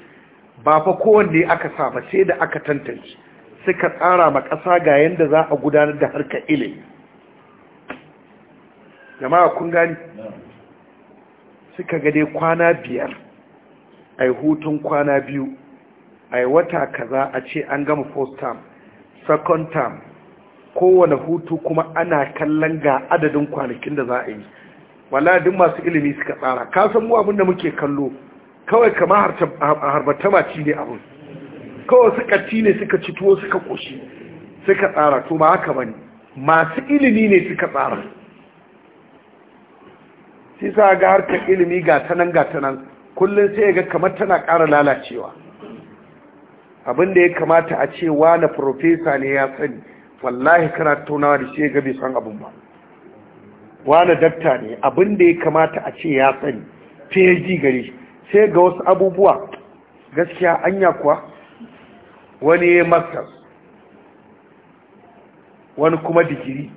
ba fa kowanne aka saba sai da aka tantance suka tsara ma ƙasa ga yadda za a gudanar da harkar ilimi jama'a kun gani suka dai kwana biyar a hutun kwana biyu a wata kaza a ce an gama first term second term kowane hutu kuma ana kallon ga adadin kwanakin da za a yi wala duk masu ilimi suka tsara ka mu abinda da muke kallo kawai kamar harbata maci ne abin kawai suka ci suka ci suka koshi suka tsara to ba haka bane masu ilimi ne suka tsara shi sa ga harkar ilimi ga tanan ga tanan kullum sai ga kamar tana ƙara lalacewa abin da ya kamata a ce wani profesa ne ya sani wallahi kana tunawa da shi ga bai san abin ba wani dakta ne abin da ya kamata a ce ya sani phd gare shi sai ga wasu abubuwa gaskiya anya kuwa wani ya masters wani kuma digiri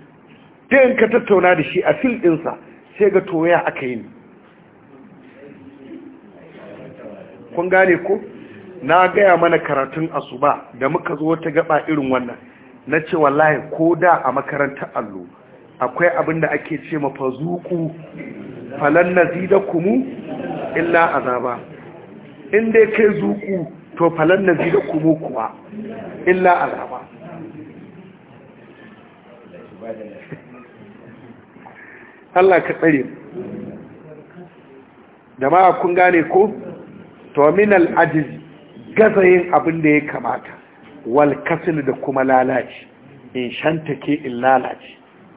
ta yin ka tattauna da shi a fil ɗinsa sai ga toya aka yi kun gane ko na gaya mana karatun asuba da muka zo ta gaba irin wannan na ce wallahi ko da a makarantar allo akwai abin da ake ce mafa zuku falan na kumu illa azaba in dai kai zuku to falan na kumu kuwa illa azaba Allah ka tsare ma kun gane ko to min al ajiz gazayin abin da ya kamata wal kasil da kuma lalaci in shantake in lalace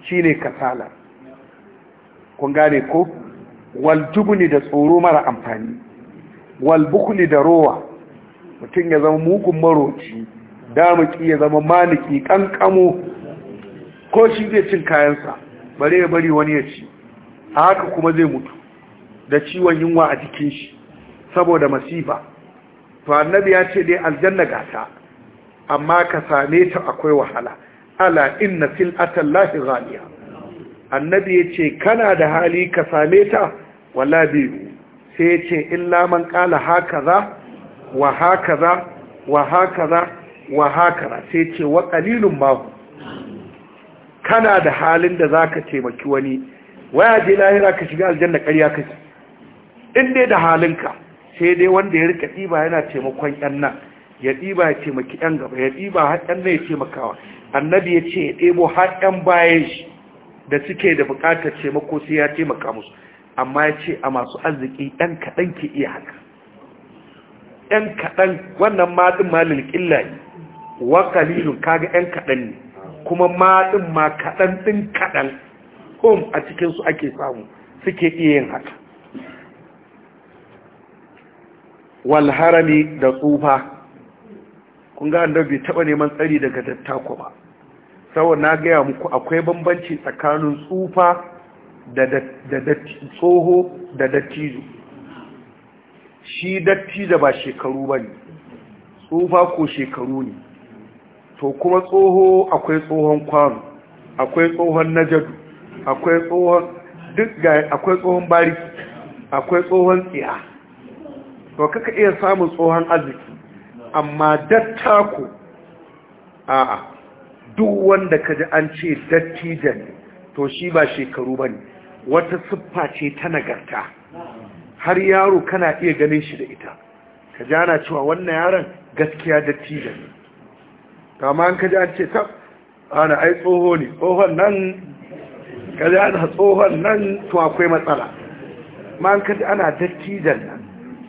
shine kasala kun gane ko wal jubni da tsoro mara amfani wal bukli da rowa mutum ya zama mugun maroci damuki ya zama maliki kankamo ko shi zai cin kayansa bare ya bari wani ya ci a haka kuma zai mutu da ciwon yunwa a jikin shi saboda masifa to annabi ya ce dai aljanna gata amma ka same ta akwai wahala ala inna fil atallahi ghaliya annabi ya ce kana da hali ka same ta wala biyu sai ya ce illa man kala hakaza wa hakaza wa hakaza wa hakaza sai ce wa qalilun mahu kana da halin da za ka taimaki wani waya je lahira ka shiga aljanna ƙarya kake in dai da halinka sai dai wanda ya rika ɗiba yana taimakon ƴan nan ya ɗiba ya taimaki ƴan gaba ya ɗiba har ƴan nan ya taimakawa annabi ya ce ya ɗebo har ƴan bayan shi da suke da buƙatar taimako sai ya taimaka musu amma ya ce a masu arziki ɗan kaɗan ke iya haka ɗan kaɗan wannan ma ɗin malin ƙilla ne wa kalilun kaga ɗan kaɗan ne kuma ma ma kaɗan ɗin kaɗan ko a cikinsu ake samu suke iya yin haka walharami da tsufa kun ga annabi taɓa neman tsari daga dattako ba saboda na gaya muku akwai bambanci tsakanin tsufa da tsoho da dattijo shi dattijo ba shekaru ba ne tsufa ko shekaru ne to kuma tsoho akwai tsohon kwano akwai tsohon najadu akwai tsohon duk ga akwai tsohon bariki akwai tsohon tsiya to kaka iya samun tsohon arziki amma dattako a'a duk wanda kaji an ce dattijan to shi ba shekaru bane wata siffa ce ta nagarta har yaro kana iya ganin shi da ita Kaji ana cewa wannan yaron gaskiya dattijan ne kama an kaji an ce ta ana ai tsoho ne tsohon nan kaji ana tsohon nan to akwai matsala ma an kaji ana dattijan nan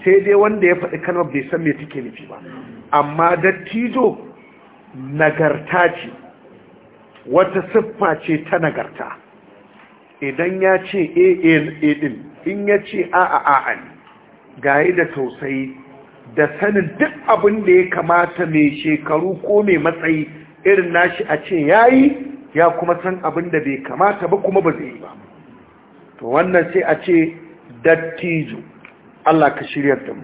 sai dai wanda ya faɗi kalmar bai san me take nufi ba amma dattijo nagarta ce wata siffa ce ta nagarta idan ya ce a a a din in ya ce a a a ne gaye da tausayi da sanin duk abin da ya kamata mai shekaru ko mai matsayi irin nashi a ce ya yi ya kuma san abin da bai kamata ba kuma ba zai yi ba to wannan sai a ce dattijo Allah ka shiryar da mu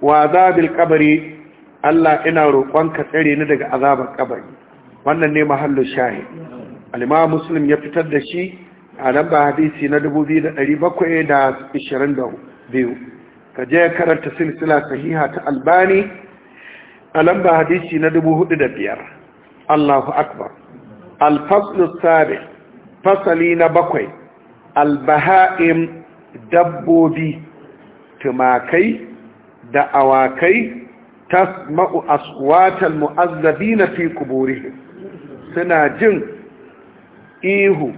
wa azabil kabari Allah ina roƙonka tsare ni daga azabar kabari wannan ne mahallu shahi alima Muslim ya fitar da shi a nan ba hadisi na 2724 ka je karanta silsila sahiha ta albani a lamba hadisi na biyar. Allahu akbar alfaslu sabi fasali na bakwai albaha'im dabbobi tumakai da awakai tasma'u aswatal na fi kuburi suna jin ihu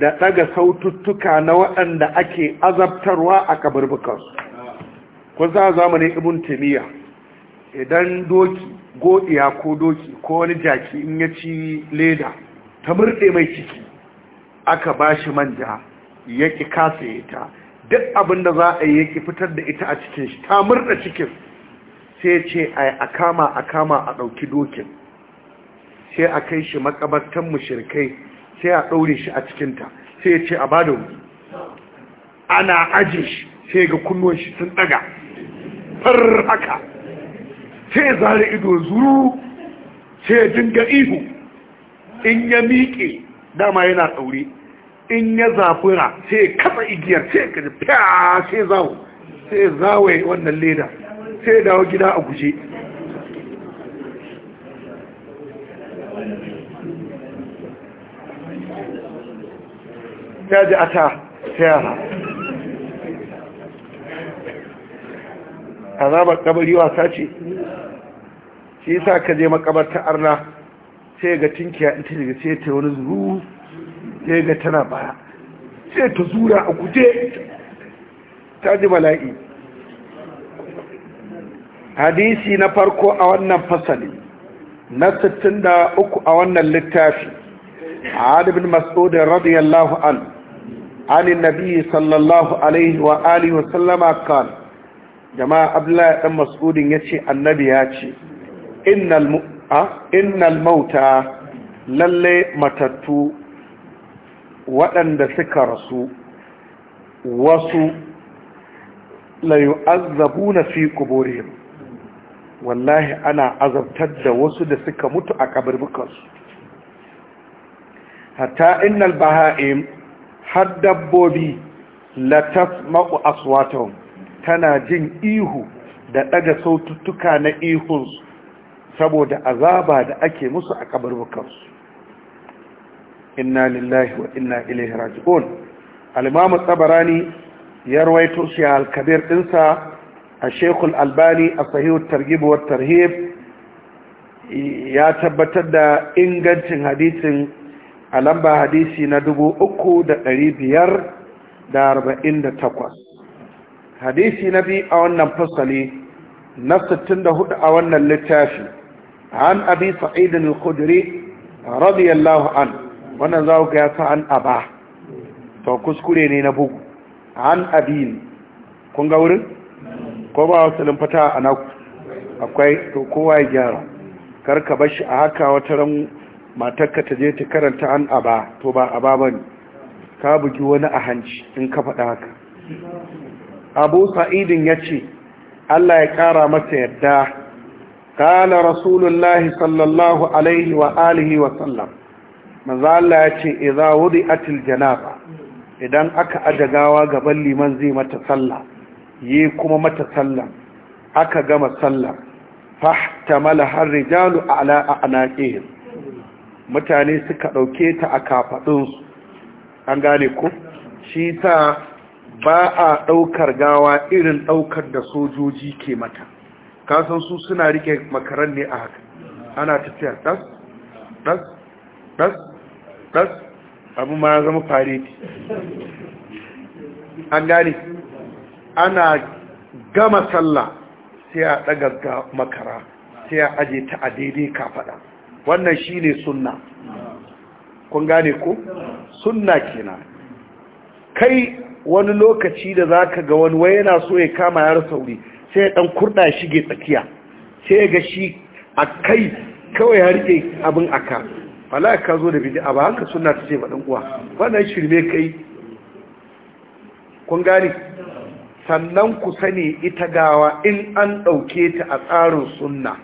da daga saututtuka na waɗanda ake azabtarwa a kaburbukansu za a zamanin ibn miya, idan doki godiya ko doki ko wani jaki in ya ci leda ta murde mai ciki aka ba shi manja ya ƙi kasa ta duk abin da za a yi ya ƙi fitar da ita a cikin shi ta murda cikin sai ce a kama a kama a ɗauki dokin sai a kai shi makabartan mushirkai sai a ɗaure shi a cikinta sai ce a ba da wuri ana ajiye shi sai ga kunnuwan shi sun ɗaga far haka sai zare ido zuru sai dinga ihu in ya miƙe dama yana tsaure in ya zafura sai kafa igiyar sai kaji fya sai zawo sai zawaye wannan leda sai dawo gida a guje ya ji a ta yara azabar kabari wasa ce shi sa ka je makabarta arna sai ga tinkiya ita daga sai ta wani zuru sai ga tana baya sai ta zura a guje ta ji mala'i. hadisi na farko a wannan fasali na 63 a wannan littafi a ابن mas'udin radiyallahu الله عنه عن sallallahu alaihi الله عليه وآله وسلم jama'a abdullahi dan mas'udin yace annabi ya ce ah, innal mauta lalle matattu waɗanda suka rasu wasu layu'azzabu na fi kuburihim wallahi ana azabtar da wasu da suka mutu a kaburbukansu hatta innal baha'im har dabbobi latas ma'u aswatahum tana jin ihu da ɗaga saututtuka na ihunsu saboda azaba da ake musu a kabarbukansu inna lillahi wa inna ilaihi raji'un al-imam tabarani ya rawaito shi al-kabir dinsa a Sheikh albani a Sahih at-Targhib wa ya tabbatar da ingancin hadisin a lamba hadisi na 3548 hadisi na biyu a wannan fasali na 64 a wannan littafi an abi sa'idin al-khudri radiyallahu an wannan za ku ga sa an aba to kuskure ne na bugu an abi kun ga wurin ko ba wasu limfata a naku akwai to kowa ya gyara karka bashi a haka wata ran matarka ta je ta karanta an aba to ba aba bane ka bugi wani a hanci in ka faɗa haka abu sa'idin ya ce allah ya kara masa yadda kala rasulullahi sallallahu alaihi wa alihi wa sallam maza allah ya ce iza wuri atil janaba idan aka ga gaban liman zai mata sallah yi kuma mata sallah aka gama sallah fahtamala har rijalu ala anaqihim mutane suka ɗauke ta a kafadunsu an gane ku shi ta ba a ɗaukar gawa irin ɗaukar da sojoji ke mata kasan su suna rike makaran ne a haka ana tafiya ɗas ɗas ɗas ɗas abu ma ya zama fareti an gane ana gama sallah sai a ɗaga makara sai a aje ta a daidai kafaɗa wannan shi ne sunna kun gane ko? sunna kenan kai wani lokaci da za ka ga wani wai yana so ya kama yar sauri sai ya ɗan kurɗa shige tsakiya sai ya ga shi a kai kawai ya riƙe abin aka fala ka zo da bidi a ba haka suna ta ce ɗan uwa wannan shirme kai kun gani sannan ku sani ita gawa in an ɗauke ta a tsarin sunna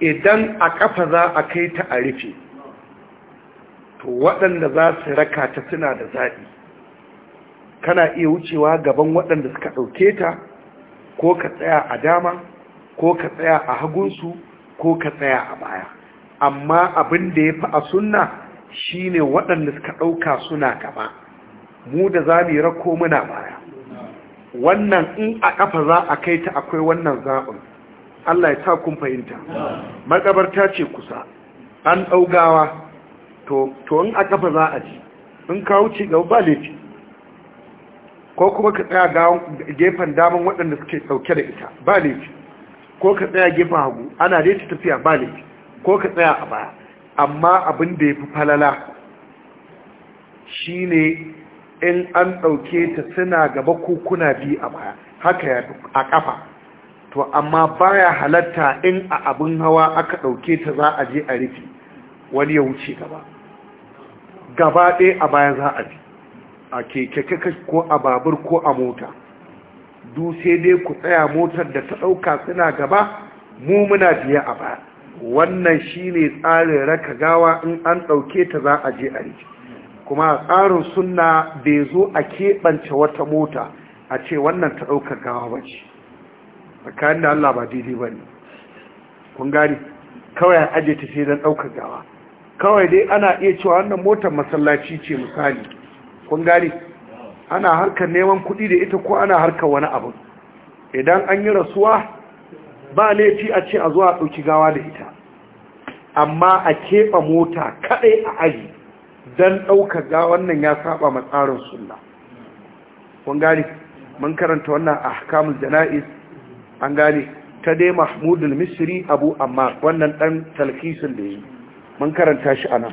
idan a ƙafa za a kai ta a rufe to waɗanda za su raka ta suna da zaɗi. kana iya wucewa gaban waɗanda suka ɗauke ta ko ka tsaya a dama ko ka tsaya a hagunsu ko ka tsaya a baya amma abin da ya fi a sunna shine waɗanda suka ɗauka suna gaba mu da za mu yi rako muna baya wannan in a ƙafa za a kai ta akwai wannan zaɓin Allah ya sa kun fahimta makabarta ce kusa an ɗaugawa to in a ƙafa za a ji in kawo wuce gaba ba laifi ko kuma ka tsaya gefen daman waɗanda suke ɗauke da ita ba laifi ko ka tsaya gefen hagu ana dai ta tafiya ba laifi ko ka tsaya a baya amma abin da ya fi falala shi ne in an ɗauke ta suna gaba kuna biyu a baya haka ya a ƙafa to amma baya halatta in a abin hawa aka ɗauke ta za a je a rufe wani ya wuce gaba gaba ɗaya a baya za a bi a keke ko a babur ko a mota du sai dai ku tsaya motar da ta ɗauka suna gaba mu muna biya a ba wannan shine tsarin raka gawa in an ɗauke ta za a je a riki kuma tsarin sunna bai zo a keɓance wata mota a ce wannan ta ɗaukar gawa ba ce tsakanin da Allah ba daidai ba ne kun gani kawai a aje ta sai don ɗaukar gawa kawai dai ana iya cewa wannan motar masallaci ce misali kun gani ana harkar neman kuɗi da ita ko ana harkar wani abu idan an yi rasuwa ba laifi a ce a zuwa ɗauki gawa da ita amma a keɓa mota kaɗai a aji don ɗauka ga wannan ya saba matsarin sunna kun gani mun karanta wannan a kamun jana'is an gani ta dai mahmudul misri abu amma wannan ɗan talkisun da yi mun karanta shi a nan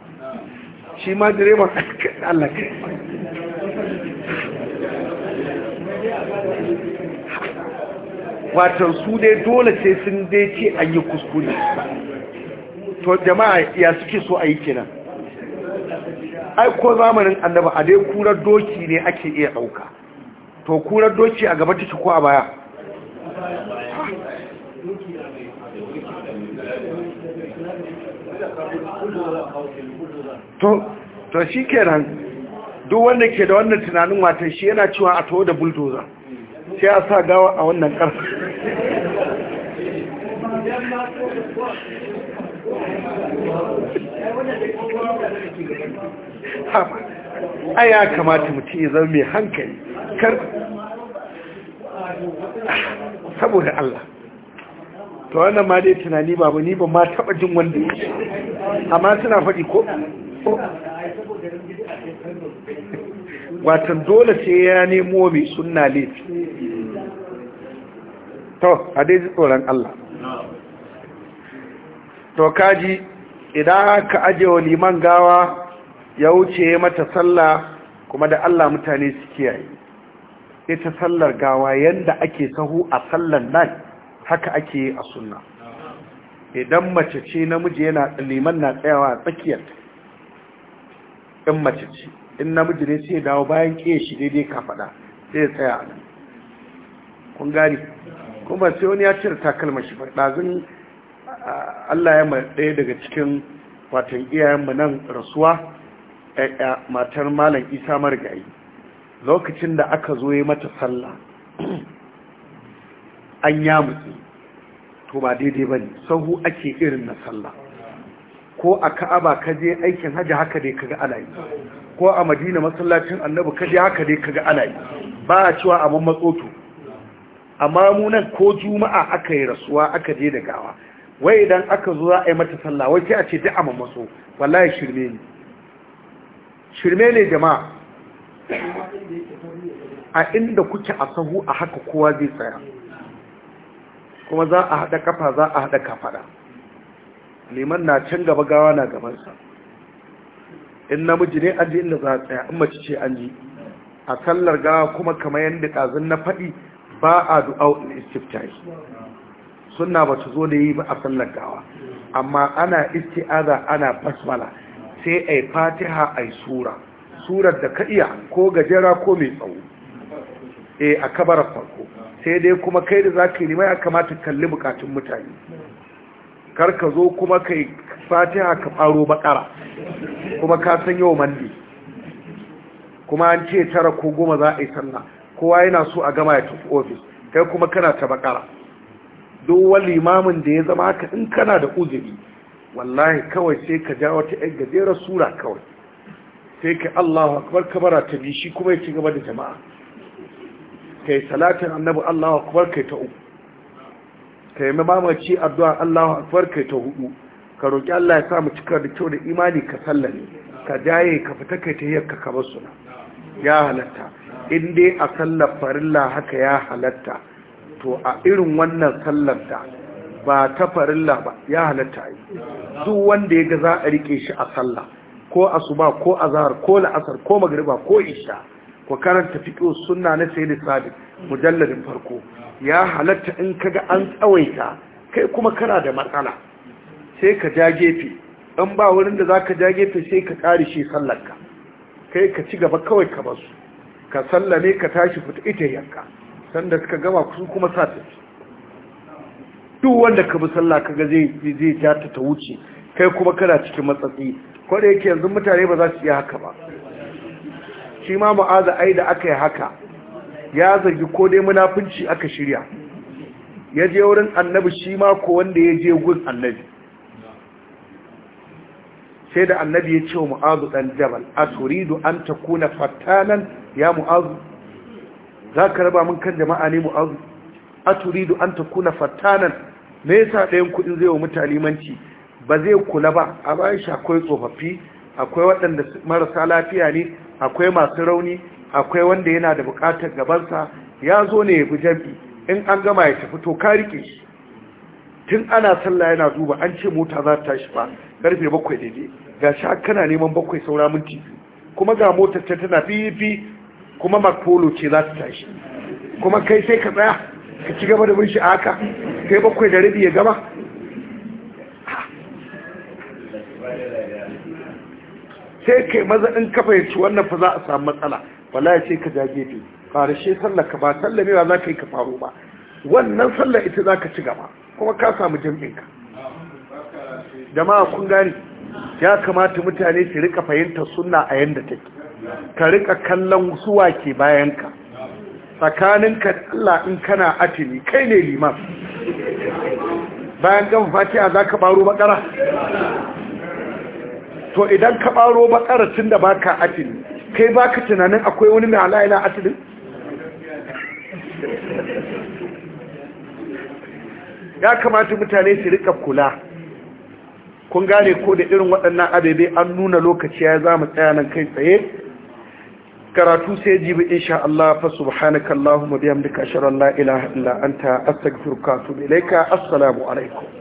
shi ma direban Allah watan su dai dole sai sun dai ce an yi kuskure to jama'a ya suke so a yi kenan ai ko zamanin annaba a dai kurar doki ne ake iya ɗauka to kurar doki a gaba take ko a baya to to shi kenan duk wanda ke da wannan tunanin watan shi yana cewa a taho da bulldozer sai a sa gawa a wannan karfe. a ya kamata mutum ya zama mai hankali saboda Allah to wannan ma dai tunani babu ni ba ma taɓa jin wanda ya amma suna faɗi ko watan dole ce ya nemo mai suna laifi to a dai tsoron Allah to kaji idan ka aje wa liman gawa ya wuce mata sallah kuma da Allah mutane su kiyaye ita sallar gawa yadda ake sahu a sallar nan haka ake a suna. idan mace ce namiji yana liman na tsayawa a ta in mace ce in namiji ne sai dawo bayan shi daidai ka faɗa sai tsaya a nan kun gani kuma sai wani ya cire takalma shi ɗazin Allah ya ɗaya daga cikin watan iyayenmu nan rasuwa matar malam isa marigayi lokacin da aka zo yi mata sallah an ya to ba daidai ba ne sahu ake irin na sallah ko a ka'aba ka je aikin hajji haka dai kaga ana yi ko a madina masallacin annabi ka je haka dai kaga ana yi ba a cewa a mammatsoto amma mu nan ko juma'a aka yi rasuwa aka je da gawa wai idan aka zo za a yi mata sallah wai sai a ce duk a mammatso wallahi shirme ne shirme ne jama'a a inda kuke a sahu a haka kowa zai tsaya kuma za a haɗa kafa za a haɗa kafaɗa liman na can gaba gawa na gabansa in namiji ne an ji inda za a tsaya in mace ce an ji a sallar gawa kuma kamar yadda ɗazin na faɗi ba a in istiftahi sunna ba su zo da yi ba a sallar gawa amma ana isti'aza ana basmala sai ai fatiha ai sura surar da ka iya ko gajera ko mai tsawo eh a kabarar farko sai dai kuma kai da ka yi limai ya kamata kalli bukatun mutane kar ka zo kuma kai fatiha ka faro bakara kuma ka san yau mandi kuma an ce tara ko goma za a yi sanna, kowa yana so a gama ya tafi ofis kai kuma kana ta bakara duk wani limamin da ya zama haka in kana da uzuri wallahi kawai sai ka ja wata yan gajerar sura kawai sai ka Allahu akbar bara ta bi shi kuma ya ci gaba da jama'a kai salatin annabi Allahu akbar kai ta uku ka yi mamaci addu'a Allahu akbar kai ta hudu ka roƙi Allah ya sa mu cika da kyau da imani ka sallame ka jaye ka fita kai ta yakka ka basu na. ya halatta in dai a sallar farilla haka ya halatta to a irin wannan sallar da ba ta farilla ba ya halatta yi duk wanda ya ga za a riƙe shi a sallah ko asuba ko zahar ko la'asar ko magariba, ko isha ko karanta fito sunna na da sabi mujalladin farko ya halatta in kaga an tsawaita kai kuma kana da matsala sai ka ja gefe in ba wurin da za ka ja gefe sai ka ƙari shi sallarka kai ka ci gaba kawai ka basu ka sallame ka tashi fita ita yanka sanda suka gama su kuma sa ta ci duk wanda ka bi sallah kaga zai zai ja ta ta wuce kai kuma kana cikin matsatsi ko da yanzu mutane ba za su yi haka ba shi ma mu'aza ai da aka yi haka ya zargi ko dai munafunci aka shirya ya je wurin annabi shi ma ko wanda ya je gun annabi sai da annabi ya ce wa mu'azu dan jabal a turidu an takuna fatanan ya mu'azu za ka raba min kan jama'a ne mu'azu a turidu an takuna fatanan me yasa ɗayan kuɗin zai wa mutane manci ba zai kula ba a bayan shi akwai tsofaffi akwai waɗanda marasa lafiya ne akwai masu rauni akwai wanda yana da bukatar gabansa ya zo ne ya fi jam'i in an gama ya tafi to ka shi tun ana sallah yana duba an ce mota za ta tashi ba ƙarfe bakwai daidai ga sha kana neman bakwai saura minti kuma ga motar ta tana fifi kuma makpolo ce za ta tashi kuma kai sai ka tsaya ka ci gaba da bin shi a haka kai bakwai da rabi ya gama sai kai maza in ya ci wannan fa za a samu matsala wallahi sai ka jage gefe karshe sallar ka ba sallar ne za ka yi ka faru ba wannan sallar ita za ka ci gaba kuma ka samu jam'inka. ka jama'a kun gani ya kamata mutane su rika fahimtar sunna a yanda take ka rika kallon suwa ke bayan ka da Allah in kana atini kai ne liman bayan gama fatiha za ka baro bakara to idan ka baro bakara tun da baka atini kai ba ka tunanin akwai wani mai ala'ila asirin? ya kamata mutane su rika kula kun gane ko da irin waɗannan abebe an nuna lokaci ya za mu tsaya nan kai tsaye karatu sai jibi insha Allah fa subhanaka Allahumma bihamdika ashhadu an la ilaha illa anta astaghfiruka wa atubu ilayka assalamu alaikum